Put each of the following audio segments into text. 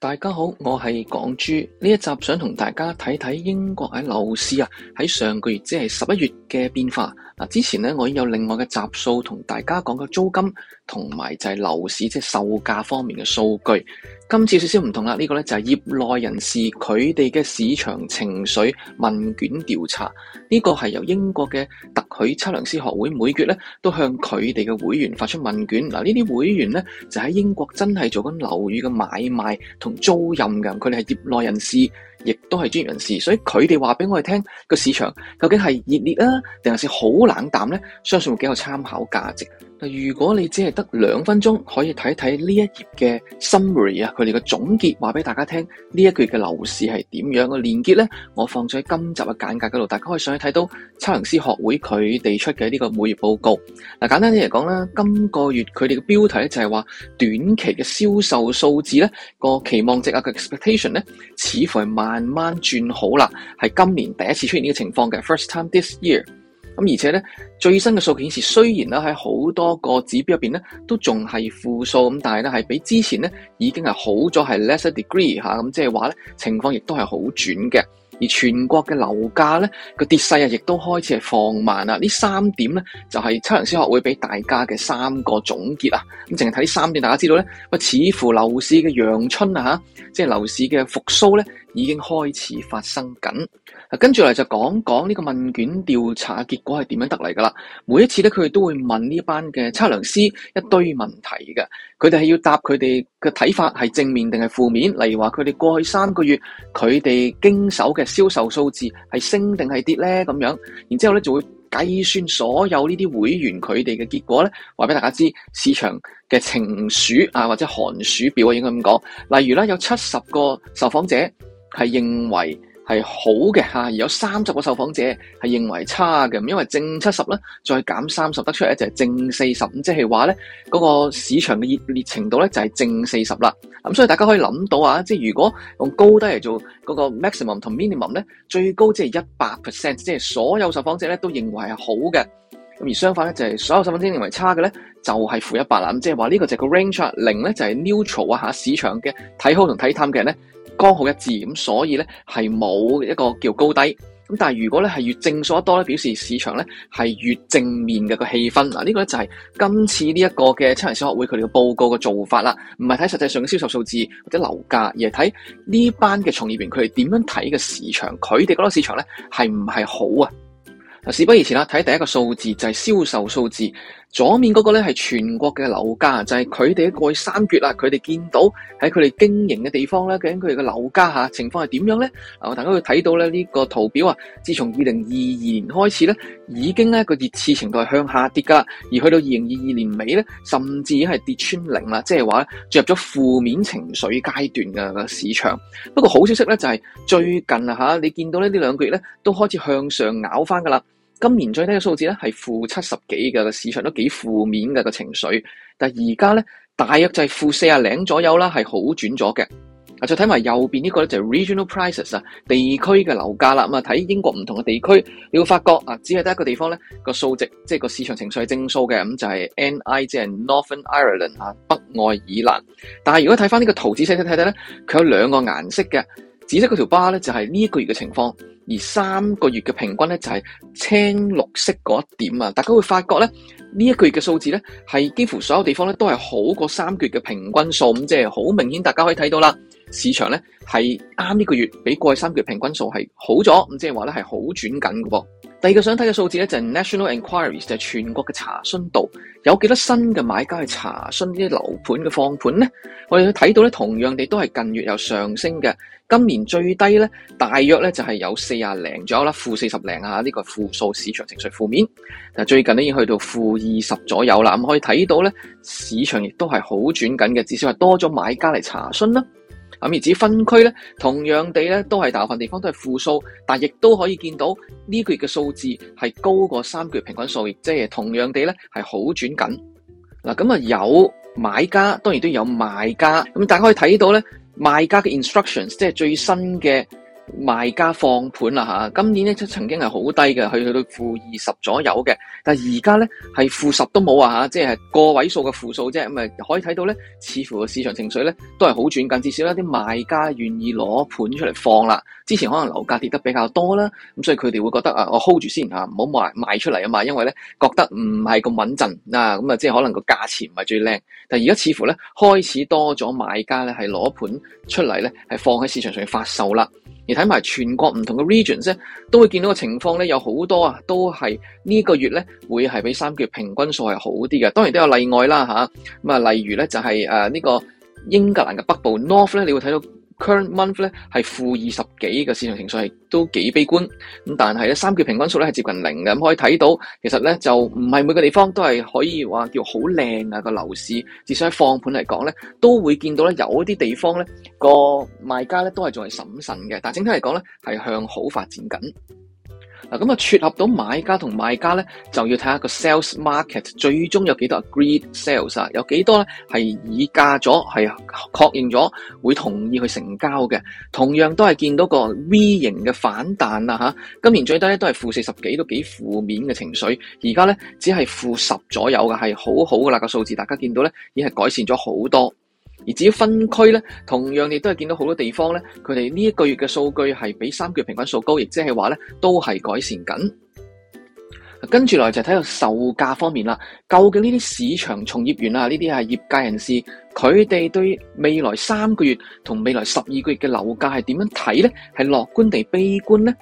大家好，我係港豬。呢一集，想同大家睇睇英國喺樓市啊，喺上個月即係十一月嘅變化。嗱，之前咧我已經有另外嘅集數同大家講嘅租金同埋就係樓市即係、就是、售價方面嘅數據，今次少少唔同啦。呢、這個咧就係業內人士佢哋嘅市場情緒問卷調查，呢、這個係由英國嘅特許測量師學會每月咧都向佢哋嘅會員發出問卷。嗱，呢啲會員咧就喺英國真係做緊樓宇嘅買賣同租賃㗎，佢哋係業內人士，亦都係專業人士，所以佢哋話俾我哋聽，個市場究竟係熱烈啊，定係好冷淡咧？相信會幾有參考價值。如果你只係得兩分鐘，可以睇睇呢一頁嘅 summary 啊，佢哋嘅總結話俾大家聽，呢一個月嘅樓市係點樣，個連結呢？我放咗喺今集嘅簡介嗰度，大家可以上去睇到測量師學會佢哋出嘅呢個每月報告。嗱，簡單啲嚟講啦，今、這個月佢哋嘅標題咧就係話短期嘅銷售數字呢個期望值啊嘅 expectation 呢，似乎係慢慢轉好啦，係今年第一次出現呢個情況嘅 first time this year。咁而且咧，最新嘅數據顯示，雖然咧喺好多個指標入面咧，都仲係負數咁，但係咧係比之前咧已經係好咗係 lesser degree 嚇，咁即係話咧情況亦都係好轉嘅。而全國嘅樓價咧個跌勢啊，亦都開始係放慢啦。呢三點咧就係、是、測量師學會俾大家嘅三個總結啊。咁淨係睇三點，大家知道咧，喂，似乎樓市嘅陽春啊嚇，即係樓市嘅復甦咧。已經開始發生緊。啊，跟住嚟就講講呢個問卷調查嘅結果係點樣得嚟㗎啦。每一次咧，佢哋都會問呢班嘅測量師一堆問題嘅，佢哋係要答佢哋嘅睇法係正面定係負面。例如話，佢哋過去三個月佢哋經手嘅銷售數字係升定係跌咧咁樣。然之後咧就會計算所有呢啲會員佢哋嘅結果咧，話俾大家知市場嘅情緒啊或者寒暑表啊，應該咁講。例如咧，有七十個受訪者。係認為係好嘅嚇，而有三十個受訪者係認為差嘅。咁因為正七十咧，再減三十得出嚟就係正四十。咁即係話咧，嗰個市場嘅熱烈程度咧就係、是、正四十啦。咁、嗯、所以大家可以諗到啊，即、就、係、是、如果用高低嚟做嗰個 maximum 同 minimum 咧，最高即係一百 percent，即係所有受訪者咧都認為係好嘅。咁而相反咧就係、是、所有受訪者認為差嘅咧就係負一百啦。咁即係話呢個就係個 range 啊。零咧就係、是、neutral 啊嚇，市場嘅睇好同睇淡嘅人咧，剛好一致咁，所以呢係冇一個叫高低咁。但係如果呢係越正數得多呢，表示市場呢係越正面嘅個氣氛嗱。呢個呢就係今次呢一個嘅測量師學會佢哋嘅報告嘅做法啦。唔係睇實際上嘅銷售數字或者樓價，而係睇呢班嘅從業員佢哋點樣睇嘅市場，佢哋覺得市場呢係唔係好啊？嗱，事不宜遲啦，睇第一個數字就係銷售數字。就是銷售數字左面嗰個咧，係全國嘅樓價，就係佢哋一個三個月啦，佢哋見到喺佢哋經營嘅地方咧，究竟佢哋嘅樓價吓情況係點樣咧？大家會睇到咧呢個圖表啊，自從二零二二年開始咧，已經咧，個熱刺程度係向下跌噶，而去到二零二二年尾咧，甚至係跌穿零啦，即係話進入咗負面情緒階段嘅市場。不過好消息咧就係最近啊吓，你見到呢兩個月咧都開始向上咬翻噶啦。今年最低嘅數字咧係負七十幾嘅，個市場都幾負面嘅個情緒。但而家咧，大約就係負四啊零左右啦，係好轉咗嘅。啊，再睇埋右邊呢個咧就係 Regional Prices 啊，地區嘅樓價啦。咁啊，睇英國唔同嘅地區，你會發覺啊，只係得一個地方咧個數值，即係個市場情緒係正數嘅。咁就係、是、NI，即係 Northern Ireland 啊，北愛爾蘭。但係如果睇翻呢個圖紙，細細睇睇咧，佢有兩個顏色嘅。紫色嗰條巴咧就係呢一個月嘅情況，而三個月嘅平均咧就係青綠色嗰一點啊！大家會發覺咧，呢一個月嘅數字咧係幾乎所有地方咧都係好過三個月嘅平均數，咁即係好明顯，大家可以睇到啦，市場咧係啱呢個月比過去三個月平均數係好咗，咁即係話咧係好轉緊㗎噃。第二個想睇嘅數字咧，就係 National Enquiries，就係全國嘅查詢度，有幾多新嘅買家去查詢呢啲樓盤嘅放盤咧？我哋去睇到咧，同樣地都係近月有上升嘅，今年最低咧大約咧就係有四十零左右啦，負四十零啊，呢個負數市場情緒負面，但最近呢，已經去到負二十左右啦。咁可以睇到咧，市場亦都係好轉緊嘅，至少係多咗買家嚟查詢啦。咁而至於分區咧，同樣地咧都係大部分地方都係負數，但亦都可以見到呢個月嘅數字係高過三個月平均數，亦即係同樣地咧係好轉緊。嗱，咁啊有買家，當然都有賣家，咁大家可以睇到咧，賣家嘅 instructions，即係最新嘅。賣家放盤啦嚇，今年咧就曾經係好低嘅，去去到負二十左右嘅。但係而家咧係負十都冇啊嚇，即係個位數嘅負數啫。咁咪可以睇到咧，似乎個市場情緒咧都係好轉緊，至少一啲賣家願意攞盤出嚟放啦。之前可能樓價跌得比較多啦，咁所以佢哋會覺得啊，我 hold 住先嚇，唔好賣賣出嚟啊嘛，因為咧覺得唔係咁穩陣嗱，咁啊即係可能個價錢唔係最靚。但係而家似乎咧開始多咗賣家咧係攞盤出嚟咧係放喺市場上發售啦。而睇埋全國唔同嘅 regions 咧，都會見到個情況咧，有好多啊，都係呢個月咧會係比三月平均數係好啲嘅，當然都有例外啦嚇。咁啊，例如咧就係誒呢個英格蘭嘅北部 North 咧，你會睇到。Current month 咧係負二十幾嘅市場情緒都幾悲觀，咁但係咧三個平均數咧係接近零嘅，咁可以睇到其實咧就唔係每個地方都係可以話叫好靚啊個樓市，至少喺放盤嚟講咧都會見到咧有啲地方咧個賣家咧都係仲係審慎嘅，但整體嚟講咧係向好發展緊。咁啊，撮合到買家同賣家咧，就要睇下個 sales market 最終有幾多 agreed sales 啊？有幾多咧係已價咗係確認咗會同意去成交嘅？同樣都係見到個 V 型嘅反彈啦，嚇！今年最低咧都係負四十幾，都幾負面嘅情緒。而家咧只係負十左右嘅，係好好嘅啦個數字。大家見到咧，已經係改善咗好多。而至於分區咧，同樣亦都係見到好多地方咧，佢哋呢一個月嘅數據係比三個月平均數高，亦即係話咧，都係改善緊。跟住落嚟就睇下售價方面啦。究竟呢啲市場從業員啊，呢啲係業界人士，佢哋對未來三個月同未來十二個月嘅樓價係點樣睇咧？係樂觀定悲觀咧？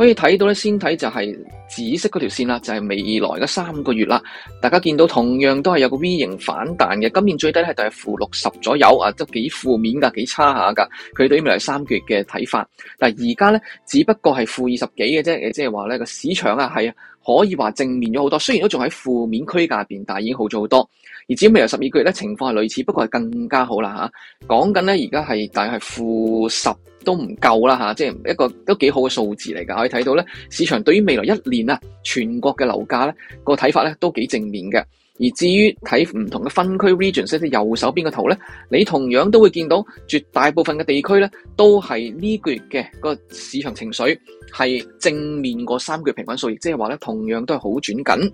可以睇到呢，先睇就係紫色嗰條線啦，就係未來嗰三個月啦。大家見到同樣都係有個 V 型反彈嘅，今年最低係大概負六十左右啊，都幾負面㗎，幾差下㗎。佢對於未來三個月嘅睇法，但係而家呢，只不過係負二十幾嘅啫，即係話呢個市場啊係可以話正面咗好多。雖然都仲喺負面區間入邊，但係已經好咗好多。而至於未來十二個月咧，情況係類似，不過係更加好啦嚇。講緊咧，而家係大概係負十都唔夠啦嚇，即係一個都幾好嘅數字嚟㗎。可以睇到咧，市場對於未來一年啊，全國嘅樓價咧，個睇法咧都幾正面嘅。而至於睇唔同嘅分區 region，即右手邊個圖咧，你同樣都會見到絕大部分嘅地區咧，都係呢個月嘅個市場情緒係正面過三個月平均數，亦即係話咧，同樣都係好轉緊。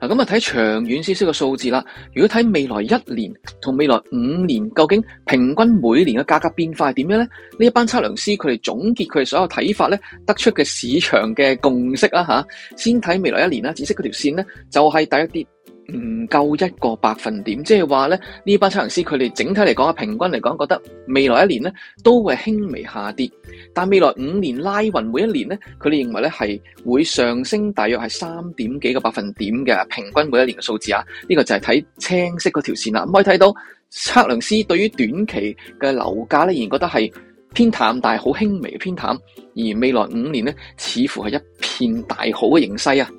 嗱，咁啊睇長遠少少個數字啦。如果睇未來一年同未來五年，究竟平均每年嘅價格變化係點樣咧？呢一班測量師佢哋總結佢哋所有睇法咧，得出嘅市場嘅共識啊吓，先睇未來一年啦。紫色嗰條線咧就係第一啲。唔夠一個百分點，即係話咧，呢班測量師佢哋整體嚟講啊，平均嚟講覺得未來一年咧都會輕微下跌，但未來五年拉勻每一年咧，佢哋認為咧係會上升大約係三點幾個百分點嘅平均每一年嘅數字啊，呢、呢個就係睇青色嗰條線啦，可以睇到測量師對於短期嘅樓價咧仍然覺得係偏淡，但係好輕微偏淡，而未來五年咧似乎係一片大好嘅形勢啊！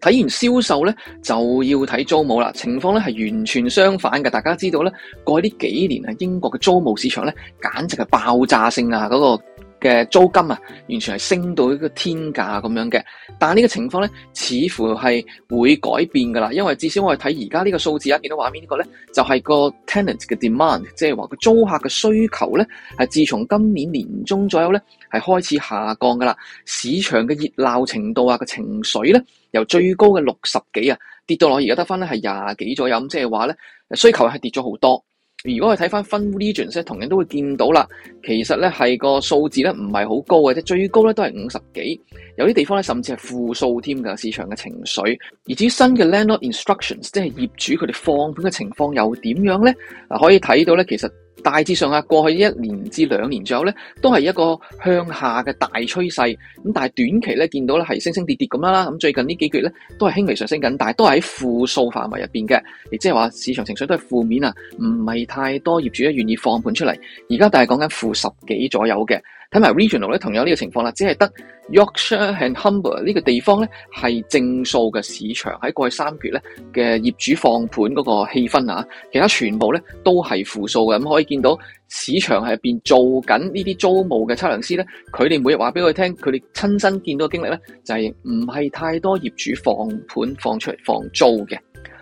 睇完銷售咧，就要睇租務啦。情況咧係完全相反嘅。大家知道咧，過去呢幾年啊，英國嘅租務市場咧簡直係爆炸性啊嗰、那個。嘅租金啊，完全係升到一個天價咁樣嘅，但係呢個情況咧，似乎係會改變㗎啦。因為至少我哋睇而家呢個數字啊，見到畫面呢個咧，就係個 tenant 嘅 demand，即係話個租客嘅需求咧，係自從今年年中左右咧，係開始下降㗎啦。市場嘅熱鬧程度啊，個情緒咧，由最高嘅六十幾啊，跌到落而家得翻咧係廿幾左右，咁即係話咧需求係跌咗好多。如果我睇翻分 regions 同樣都會見到啦。其實咧係個數字咧唔係好高嘅，即最高咧都係五十幾。有啲地方咧甚至係負數添噶市場嘅情緒。而至於新嘅 landlord instructions，即係業主佢哋放盤嘅情況又點樣咧？嗱，可以睇到咧，其實。大致上啊，過去一年至兩年左右咧，都係一個向下嘅大趨勢。咁但係短期咧，見到咧係升升跌跌咁啦。咁最近呢幾個月咧，都係輕微上升緊，但係都係喺負數範圍入邊嘅，亦即係話市場情緒都係負面啊，唔係太多業主咧願意放盤出嚟。而家就係講緊負十幾左右嘅。睇埋 Regional 咧，同樣呢個情況啦，只係得 Yorkshire and Humber 呢個地方咧，係正數嘅市場喺過去三個月咧嘅業主放盤嗰個氣氛啊，其他全部咧都係負數嘅，咁、嗯、可以見到市場喺入邊做緊呢啲租務嘅測量師咧，佢哋每日話俾佢聽，佢哋親身見到嘅經歷咧，就係唔係太多業主放盤放出嚟放租嘅。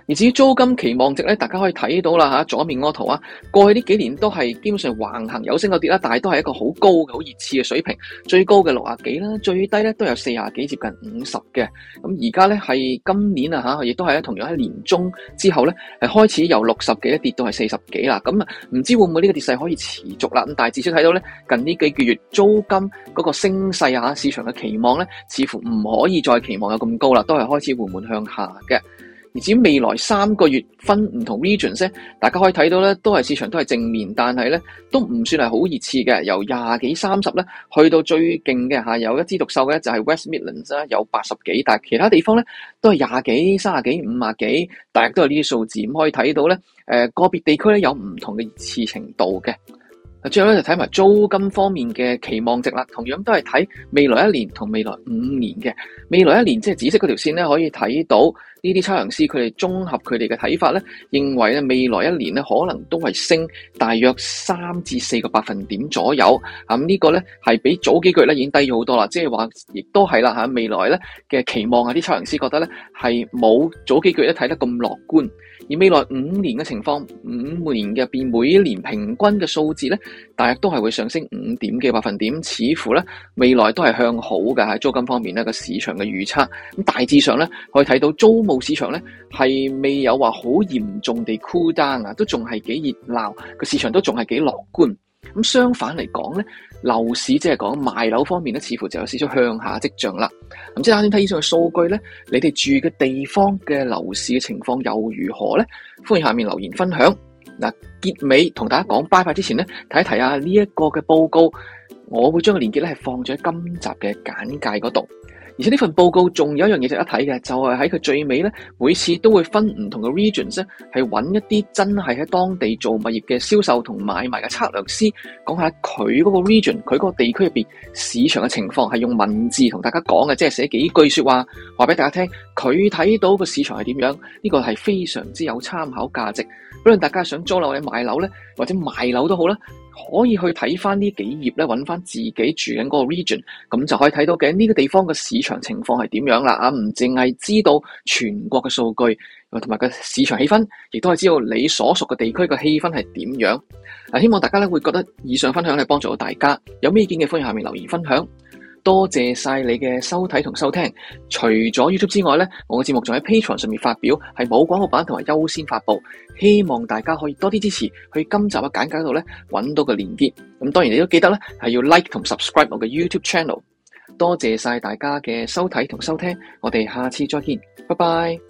而至於租金期望值咧，大家可以睇到啦嚇，左面嗰圖啊，過去呢幾年都係基本上橫行有升有跌啦，但係都係一個好高嘅好熱刺嘅水平，最高嘅六啊幾啦，最低咧都有四啊幾，接近五十嘅。咁而家咧係今年啊嚇，亦都係同樣喺年中之後咧，係開始由六十幾一跌到係四十幾啦。咁唔知會唔會呢個跌勢可以持續啦？咁但係至少睇到咧，近呢幾個月租金嗰個升勢啊，市場嘅期望咧，似乎唔可以再期望有咁高啦，都係開始緩緩向下嘅。而至於未來三個月分唔同 regions，大家可以睇到咧，都係市場都係正面，但係咧都唔算係好熱刺嘅。由廿幾三十咧，去到最勁嘅嚇，有一枝獨秀嘅就係 West Midlands 啦，有八十幾，但係其他地方咧都係廿幾三十幾五啊幾，大家都係呢啲數字。咁可以睇到咧，誒個別地區咧有唔同嘅熱刺程度嘅。最後咧就睇埋租金方面嘅期望值啦。同樣都係睇未來一年同未來五年嘅未來一年，即係紫色嗰條線咧，可以睇到。呢啲測量師佢哋綜合佢哋嘅睇法咧，認為咧未來一年咧可能都係升大約三至四個百分點左右。咁、嗯這個、呢個咧係比早幾個月咧已經低咗好多啦。即係話，亦都係啦嚇，未來咧嘅期望啊，啲測量師覺得咧係冇早幾個月咧睇得咁樂觀。而未來五年嘅情況，五年入邊每一年平均嘅數字咧，大約都係會上升五點嘅百分點，似乎咧未來都係向好嘅，喺租金方面咧個市場嘅預測。咁大致上咧可以睇到租。市場咧係未有話好嚴重地 cool down 啊，都仲係幾熱鬧，個市場都仲係幾樂觀。咁相反嚟講咧，樓市即係講賣樓方面咧，似乎就有少少向下跡象啦。咁即係啱先睇以上嘅數據咧，你哋住嘅地方嘅樓市嘅情況又如何咧？歡迎下面留言分享。嗱，結尾同大家講拜拜之前咧，睇一睇啊呢一個嘅報告，我會將個鏈接咧係放咗喺今集嘅簡介嗰度。而且呢份報告仲有一樣嘢值得睇嘅，就係喺佢最尾咧，每次都會分唔同嘅 regions 咧，係揾一啲真係喺當地做物業嘅銷售同買賣嘅測量師講下佢嗰個 region、佢嗰個地區入邊市場嘅情況，係用文字同大家講嘅，即係寫幾句說話話俾大家聽，佢睇到個市場係點樣，呢個係非常之有參考價值。不論大家想租樓或者買樓咧，或者賣樓都好啦。可以去睇翻呢幾頁咧，揾翻自己住緊嗰個 region，咁就可以睇到嘅呢個地方嘅市場情況係點樣啦。啊，唔淨係知道全國嘅數據同埋個市場氣氛，亦都係知道你所屬嘅地區嘅氣氛係點樣。嗱，希望大家咧會覺得以上分享係幫助到大家。有咩意見嘅，歡迎下面留言分享。多謝晒你嘅收睇同收聽，除咗 YouTube 之外呢我嘅節目仲喺 Patreon 上面發表，係冇廣告版同埋優先發佈，希望大家可以多啲支持，去今集嘅簡介度呢揾到個連結。咁當然你都記得呢，係要 Like 同 Subscribe 我嘅 YouTube Channel。多謝晒大家嘅收睇同收聽，我哋下次再見，拜拜。